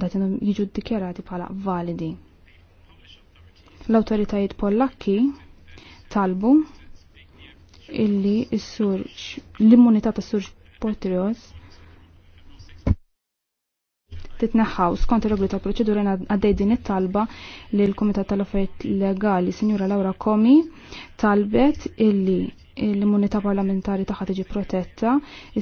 datinhom jiġu dikjarati bħala validi. L-awtoritajiet Pollakki talbu illi s-sur l-immunità tas surġ Portrios titneħħaw skont ir-regoli ta' proċedura għaddej din it-talba li l-Kumitat tal-Affarijiet Legali Sinjura Laura Komi talbet illi l-immunità parlamentari tagħha tiġi protetta,